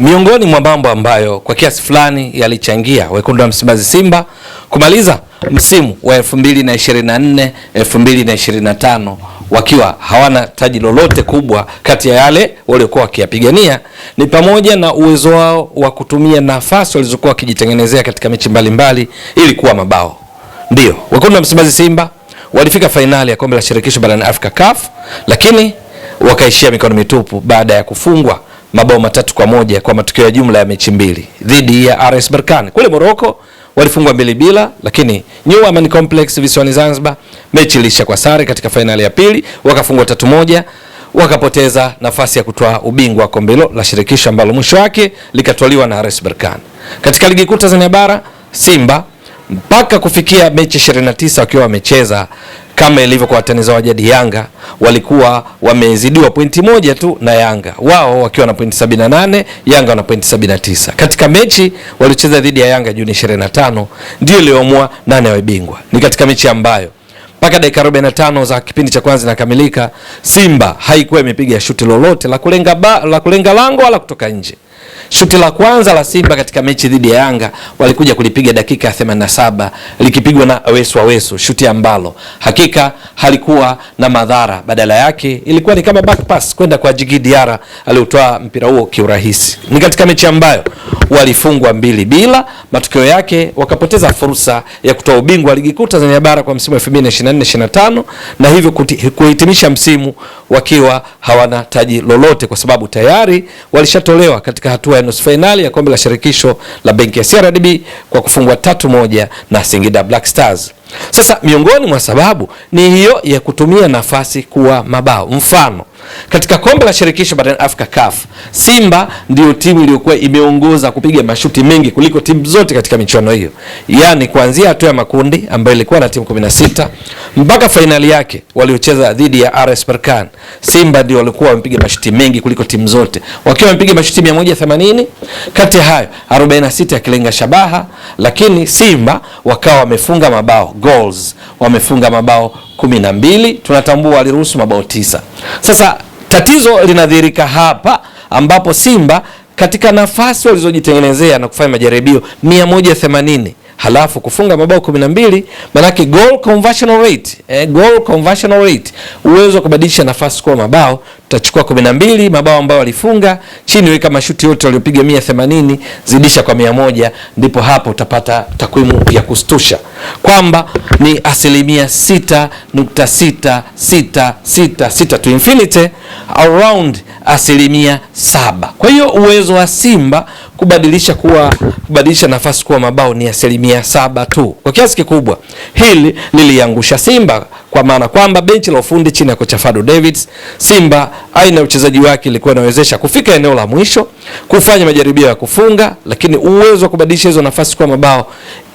Miongoni mwa mambo ambayo kwa kiasi fulani yalichangia wekundu wa Msimbazi Simba kumaliza msimu wa 2024 2025 wakiwa hawana taji lolote kubwa kati ya yale waliokuwa wakiyapigania ni pamoja na uwezo wao wa kutumia nafasi walizokuwa wakijitengenezea katika mechi mbalimbali ili kuwa mabao. Ndio wekundu wa Msimbazi Simba walifika fainali ya kombe la shirikisho barani Afrika CAF, lakini wakaishia mikono mitupu baada ya kufungwa mabao matatu kwa moja kwa matokeo ya jumla ya mechi mbili dhidi ya RS Berkane. Kule Morocco walifungwa mbili bila, lakini New Amaan Complex visiwani Zanzibar mechi ilisha kwa sare katika fainali ya pili, wakafungwa tatu moja, wakapoteza nafasi ya kutoa ubingwa wa kombe hilo la shirikisho ambalo mwisho wake likatwaliwa na RS Berkane. Katika ligi kuu Tanzania bara Simba mpaka kufikia mechi 29 wakiwa wamecheza kama ilivyo kwa wataniza wa jadi Yanga walikuwa wamezidiwa pointi moja tu na Yanga, wao wakiwa na pointi 78, Yanga na pointi 79. Katika mechi waliocheza dhidi ya Yanga Juni 25 ndio iliyoamua nani awe bingwa. Ni katika mechi ambayo mpaka dakika 45 za kipindi cha kwanza inakamilika, Simba haikuwa imepiga shuti lolote la kulenga ba, la kulenga lango wala kutoka nje. Shuti la kwanza la Simba katika mechi dhidi ya Yanga walikuja kulipiga dakika ya 87 likipigwa na Wesu Wesu, shuti ambalo hakika halikuwa na madhara, badala yake ilikuwa ni kama back pass kwenda kwa Jigi Diara aliotoa mpira huo kiurahisi. Ni katika mechi ambayo walifungwa mbili bila, matokeo yake wakapoteza fursa ya kutoa ubingwa ligi kuu Tanzania bara kwa msimu 2024/25 na hivyo kuhitimisha msimu wakiwa hawana taji lolote, kwa sababu tayari walishatolewa katika hatua ya nusu fainali ya kombe la shirikisho la benki ya CRDB kwa kufungwa tatu moja na Singida Black Stars. Sasa miongoni mwa sababu ni hiyo ya kutumia nafasi kuwa mabao. Mfano, katika kombe la shirikisho barani Afrika CAF, Simba ndiyo timu iliyokuwa imeongoza kupiga mashuti mengi kuliko timu zote katika michuano hiyo, yaani kuanzia hatua ya makundi ambayo ilikuwa na timu 16 mpaka fainali yake waliocheza dhidi ya RS Berkane, Simba ndio walikuwa wamepiga mashuti mengi kuliko timu zote, wakiwa wamepiga mashuti 180. Kati hayo 46 yakilenga shabaha, lakini Simba wakawa wamefunga mabao goals, wamefunga mabao kumi na mbili. Tunatambua waliruhusu mabao tisa. Sasa tatizo linadhihirika hapa ambapo Simba katika nafasi walizojitengenezea na kufanya majaribio 180 halafu kufunga mabao 12 manake goal conversion rate, eh, goal conversion rate, uwezo wa kubadilisha nafasi kuwa mabao. Tutachukua 12 mabao ambayo walifunga, chini weka mashuti yote waliopiga 180 zidisha kwa 100, ndipo hapo utapata takwimu ya kustusha kwamba ni asilimia 6.6666 to infinity around asilimia saba Kwa hiyo uwezo wa Simba kubadilisha kuwa kubadilisha nafasi kuwa mabao ni asilimia saba tu, kwa kiasi kikubwa hili liliangusha Simba kwa maana kwamba benchi la ufundi chini ya kocha Fado Davids, Simba aina ya uchezaji wake ilikuwa inawezesha kufika eneo la mwisho kufanya majaribio ya kufunga, lakini uwezo wa kubadilisha hizo nafasi kwa mabao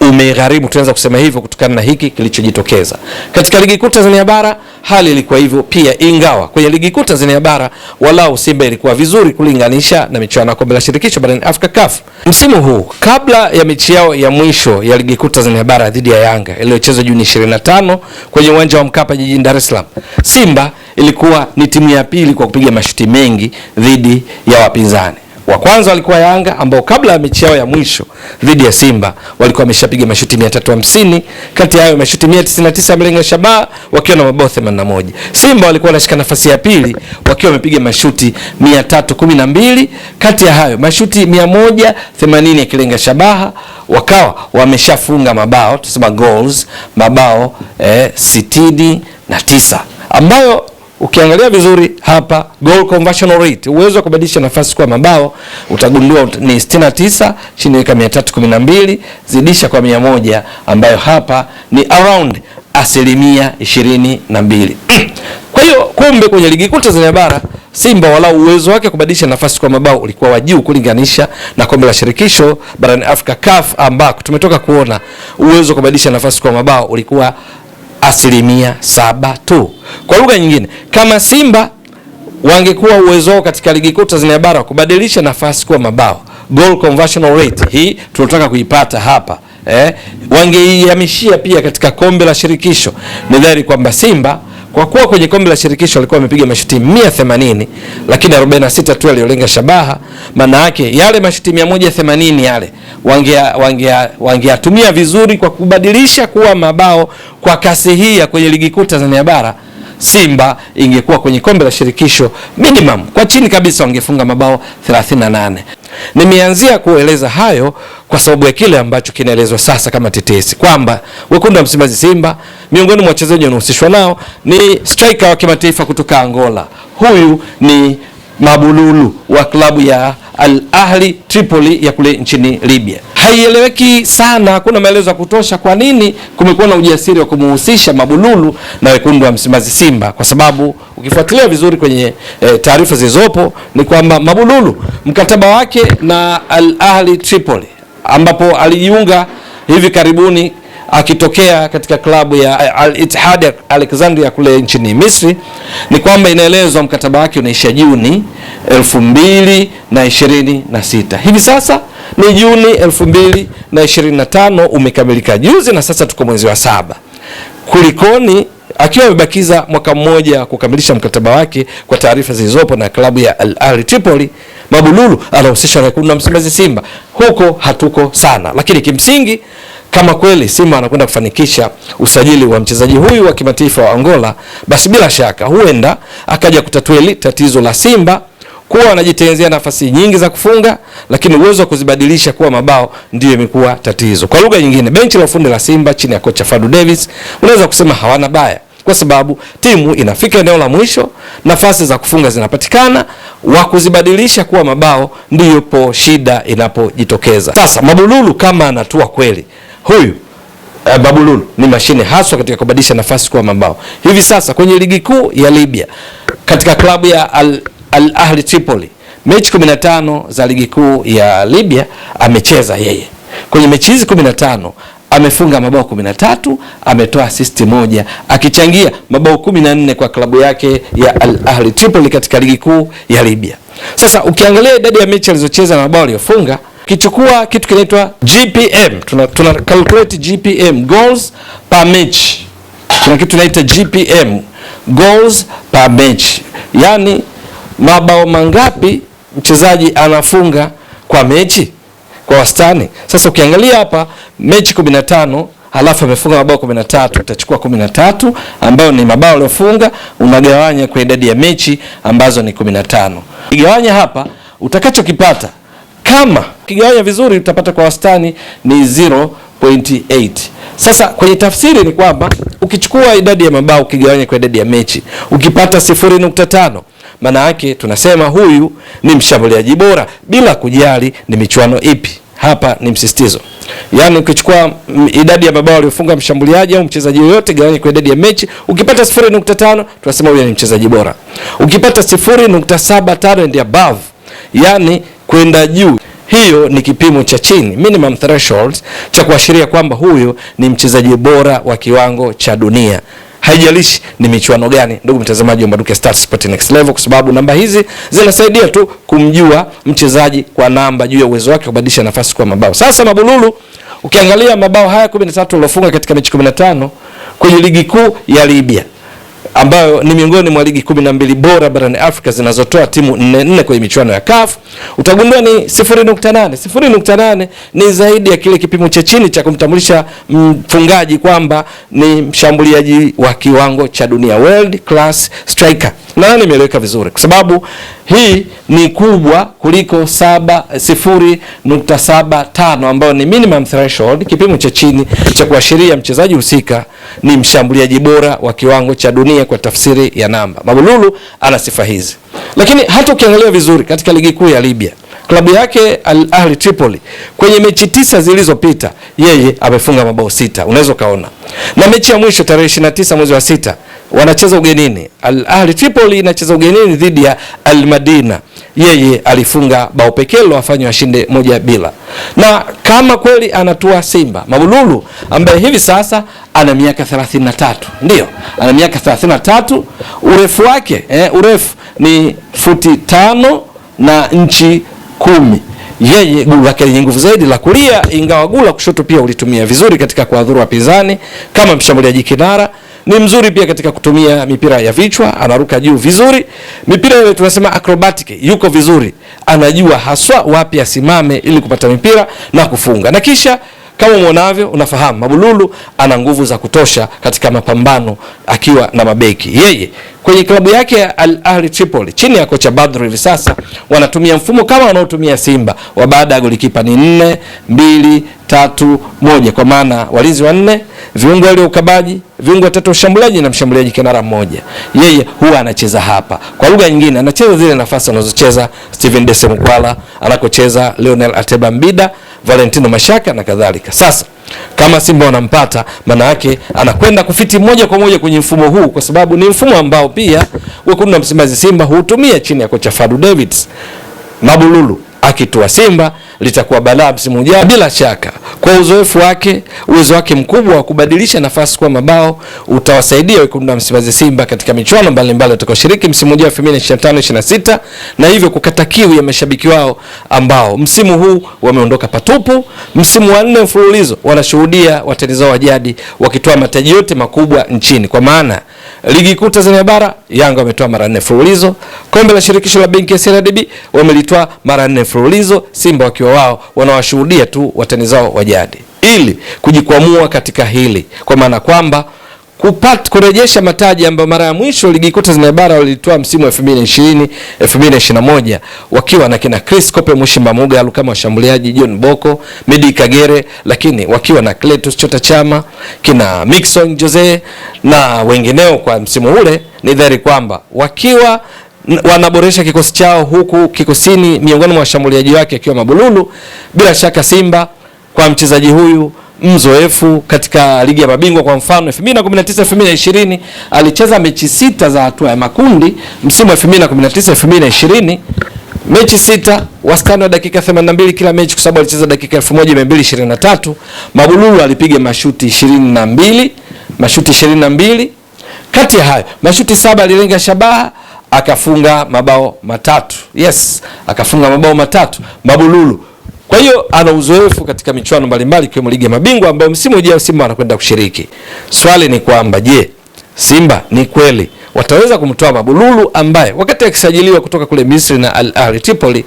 umegharimu, tunaweza kusema hivyo kutokana na hiki kilichojitokeza katika ligi kuu Tanzania bara. Hali ilikuwa hivyo pia, ingawa kwenye ligi kuu Tanzania bara walau Simba ilikuwa vizuri kulinganisha na michuano ya kombe la shirikisho barani Afrika CAF msimu huu, kabla ya mechi yao ya mwisho ya ligi kuu Tanzania bara dhidi ya Yanga iliyochezwa Juni 25 kwenye uwanja wa Mkapa jijini Dar es Salaam, Simba ilikuwa ni timu ya pili kwa kupiga mashuti mengi dhidi ya wapinzani wa kwanza walikuwa Yanga ambao kabla ya mechi yao ya mwisho dhidi ya Simba walikuwa wameshapiga mashuti 350, kati ya hayo mashuti 199 amelenga shabaha wakiwa na mabao 81. Simba walikuwa wanashika nafasi ya pili wakiwa wamepiga mashuti 312, kati ya hayo mashuti 180 yakilenga shabaha, wakawa wameshafunga mabao tuseme goals mabao eh, sitini na tisa ambayo ukiangalia vizuri hapa goal conversion rate, uwezo wa kubadilisha nafasi kuwa mabao utagundua ni 69 chini ya 312 zidisha kwa 100 ambayo hapa ni around asilimia 22. Kwa hiyo kumbe kwenye ligi kuu Tanzania bara Simba walau uwezo wake kubadilisha nafasi kwa mabao ulikuwa wa juu kulinganisha na kombe la shirikisho barani Afrika CAF ambako tumetoka kuona uwezo wa kubadilisha nafasi kwa mabao ulikuwa asilimia saba tu. Kwa lugha nyingine, kama Simba wangekuwa uwezo wao katika ligi kuu Tanzania bara wa kubadilisha nafasi kuwa mabao, goal conversion rate hii tunataka kuipata hapa eh, wangeihamishia pia katika kombe la shirikisho, ni dhahiri kwamba Simba kwa kuwa kwenye kombe la shirikisho alikuwa amepiga mashuti 180 lakini 46 tu aliolenga shabaha, maana yake yale mashuti 180 yale wangeatumia vizuri kwa kubadilisha kuwa mabao kwa kasi hii ya kwenye ligi kuu Tanzania bara Simba ingekuwa kwenye kombe la shirikisho minimum kwa chini kabisa wangefunga mabao 38. Nimeanzia kueleza hayo kwa sababu ya kile ambacho kinaelezwa sasa kama tetesi kwamba wekundu wa Msimbazi Simba, miongoni mwa wachezaji wanaohusishwa nao ni striker wa kimataifa kutoka Angola, huyu ni Mabululu wa klabu ya Al Ahli Tripoli ya kule nchini Libya. Haieleweki sana, hakuna maelezo ya kutosha kwa nini kumekuwa na ujasiri wa kumhusisha Mabululu na wekundu wa Msimbazi Simba, kwa sababu ukifuatilia vizuri kwenye e, taarifa zilizopo ni kwamba Mabululu mkataba wake na Al Ahli Tripoli ambapo alijiunga hivi karibuni akitokea katika klabu ya Al Ittihad Alexandria kule nchini Misri, ni kwamba inaelezwa mkataba wake unaisha Juni 2026. Hivi sasa ni Juni 2025, umekamilika juzi na sasa tuko mwezi wa saba. Kulikoni akiwa amebakiza mwaka mmoja kukamilisha mkataba wake. Kwa taarifa zilizopo na klabu ya Al Ahli Tripoli, Mabululu anahusishwa na kuna msimbazi Simba. Huko hatuko sana, lakini kimsingi kama kweli Simba anakwenda kufanikisha usajili wa mchezaji huyu wa kimataifa wa Angola, basi bila shaka huenda akaja kutatua hili tatizo la Simba kuwa wanajitengezea nafasi nyingi za kufunga, lakini uwezo wa kuzibadilisha kuwa mabao ndiyo imekuwa tatizo. Kwa lugha nyingine, benchi la ufundi la Simba chini ya kocha Fadu Davis unaweza kusema hawana baya, kwa sababu timu inafika eneo la mwisho, nafasi za kufunga zinapatikana, wa kuzibadilisha kuwa mabao ndiyopo shida inapojitokeza. Sasa Mabululu kama anatua kweli huyu uh, eh, Babululu ni mashine haswa katika kubadilisha nafasi kuwa mabao. Hivi sasa kwenye ligi kuu ya Libya katika klabu ya Al, Al Ahli Tripoli mechi 15 za ligi kuu ya Libya amecheza yeye. Kwenye mechi hizi 15 amefunga mabao 13, ametoa assist moja, akichangia mabao 14 kwa klabu yake ya Al Ahli Tripoli katika ligi kuu ya Libya. Sasa ukiangalia idadi ya mechi alizocheza na mabao aliyofunga Kichukua kitu kinaitwa GPM, tuna, tuna calculate GPM goals per match. Kuna kitu kinaitwa GPM goals per match, yani mabao mangapi mchezaji anafunga kwa mechi kwa wastani. Sasa ukiangalia hapa mechi 15 halafu amefunga mabao 13, utachukua 13 ambayo ni mabao aliyofunga, unagawanya kwa idadi ya mechi ambazo ni 15. Igawanya hapa utakachokipata kama ukigawanya vizuri utapata kwa wastani ni 0.8. Sasa kwenye tafsiri ni kwamba ukichukua idadi ya mabao ukigawanya kwa idadi ya mechi ukipata 0.5, maana yake tunasema huyu ni mshambuliaji bora bila kujali ni michuano ipi. Hapa ni msisitizo, yaani ukichukua idadi ya mabao aliyofunga mshambuliaji au mchezaji yoyote, gawanya kwa idadi ya mechi, ukipata 0.5 tunasema huyu ni mchezaji bora. Ukipata 0.75 and above, yani kwenda juu. Hiyo ni kipimo cha chini minimum threshold cha kuashiria kwamba huyu ni mchezaji bora wa kiwango cha dunia. Haijalishi ni michuano gani, ndugu mtazamaji wa Mbwaduke Stats Sport Next Level, kwa sababu namba hizi zinasaidia tu kumjua mchezaji kwa namba juu ya uwezo wake kubadilisha nafasi kwa mabao. Sasa Mabululu, ukiangalia mabao haya 13 aliofunga katika mechi 15 kwenye ligi kuu ya Libya ambayo ni miongoni mwa ligi kumi na mbili bora barani Afrika zinazotoa timu nne nne kwenye michuano ya CAF utagundua ni 0.8. 0.8 ni zaidi ya kile kipimo cha chini cha kumtambulisha mfungaji kwamba ni mshambuliaji wa kiwango cha dunia, world class striker. Na nimeweka vizuri kwa sababu hii ni kubwa kuliko saba, 0.75 ambayo ni minimum threshold, kipimo cha chini cha kuashiria mchezaji husika ni mshambuliaji bora wa kiwango cha dunia kutumia kwa tafsiri ya namba. Mabululu ana sifa hizi, lakini hata ukiangalia vizuri katika ligi kuu ya Libya klabu yake Al Ahli Tripoli kwenye mechi tisa zilizopita yeye amefunga mabao sita, unaweza ukaona. Na mechi ya mwisho tarehe 29 mwezi wa sita wanacheza ugenini, Al Ahli Tripoli inacheza ugenini dhidi ya Al Madina yeye alifunga bao pekee lilowafanya washinde moja bila. Na kama kweli anatua Simba, Mabululu ambaye hivi sasa ana miaka 33, ndiyo ana miaka 33, urefu wake eh, urefu ni futi tano na nchi kumi yeye gulu lake lenye nguvu zaidi la kulia, ingawa gulu la kushoto pia ulitumia vizuri katika kuadhuru wapinzani. Kama mshambuliaji kinara ni mzuri pia katika kutumia mipira ya vichwa, anaruka juu vizuri, mipira ile tunasema acrobatic, yuko vizuri, anajua haswa wapi asimame ili kupata mipira na kufunga na kisha kama umeonavyo, unafahamu Mabululu ana nguvu za kutosha katika mapambano akiwa na mabeki. Yeye kwenye klabu yake ya Al Ahli Tripoli chini ya kocha Badri hivi sasa wanatumia mfumo kama wanaotumia Simba wa baada ya golikipa ni nne mbili tatu moja, kwa maana walinzi wanne, viungo wale ukabaji, viungo watatu ushambuliaji na mshambuliaji kinara mmoja. Yeye huwa anacheza hapa, kwa lugha nyingine anacheza zile nafasi anazocheza Steven Dese Mukwala, anakocheza Lionel Ateba Mbida, Valentino Mashaka na kadhalika. Sasa kama Simba wanampata, maana yake anakwenda kufiti moja kwa moja kwenye mfumo huu, kwa sababu ni mfumo ambao pia wekundu na Msimbazi Simba hutumia chini ya kocha Fadu Davids Mabululu akitua Simba litakuwa balaa msimu ujao bila shaka. Kwa uzoefu wake, uwezo wake mkubwa wa kubadilisha nafasi kuwa mabao utawasaidia wekundu wa Msimbazi Simba katika michuano mbalimbali watakaoshiriki msimu ujao 2025 26 na hivyo kukata kiu ya mashabiki wao ambao msimu huu wameondoka patupu. Msimu wa nne mfululizo wanashuhudia watani zao wa jadi wakitoa mataji yote makubwa nchini, kwa maana ligi kuu Tanzania bara Yanga wametoa mara nne mfululizo, kombe la shirikisho la benki ya CRDB wamelitoa mara nne mfululizo, Simba wakiwa wao wanawashuhudia tu watani zao wajadi ili kujikwamua katika hili, kwa maana kwamba kupata kurejesha mataji ambayo mara ya mwisho ligi kuu Tanzania bara walitoa msimu 2020 2021 wakiwa na kina Chris Kope, Mushimba Mugalu kama washambuliaji, John Boko, midi Kagere, lakini wakiwa na Cletus Chota Chama, kina Mixon Jose na wengineo kwa msimu ule, ni dhahiri kwamba wakiwa wanaboresha kikosi chao huku kikosini, miongoni mwa washambuliaji wake akiwa Mabululu. Bila shaka Simba kwa mchezaji huyu mzoefu katika ligi ya mabingwa kwa mfano 2019 2020 alicheza mechi sita za hatua ya makundi msimu wa 2019 2020 mechi sita, wastani wa dakika 82 kila mechi, kwa sababu alicheza dakika 1223. Mabululu alipiga mashuti 22, mashuti 22. Kati ya hayo mashuti saba alilenga shabaha akafunga mabao matatu. Yes, akafunga mabao matatu Mabululu. Kwa hiyo ana uzoefu katika michuano mbalimbali ikiwemo ligi ya mabingwa ambayo msimu ujao Simba anakwenda kushiriki. Swali ni kwamba je, Simba ni kweli wataweza kumtoa Mabululu ambaye wakati akisajiliwa kutoka kule Misri na Al ahli Tripoli,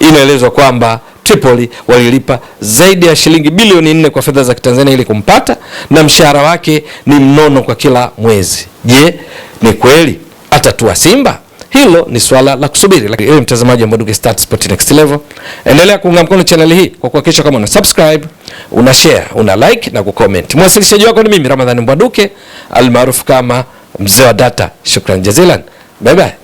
inaelezwa kwamba Tripoli walilipa zaidi ya shilingi bilioni nne kwa fedha za Kitanzania ili kumpata na mshahara wake ni mnono kwa kila mwezi. Je, ni kweli atatua Simba? Hilo ni swala la kusubiri. Lakini wewe mtazamaji wa Mbwaduke Stats Sport Next Level, endelea kuunga mkono channel hii kwa kuhakikisha kama una subscribe, una share, una like na kucomment. Mwasilishaji wako ni mimi Ramadhani Mbwaduke almaarufu kama mzee wa data. Shukran jazilan, bye bye.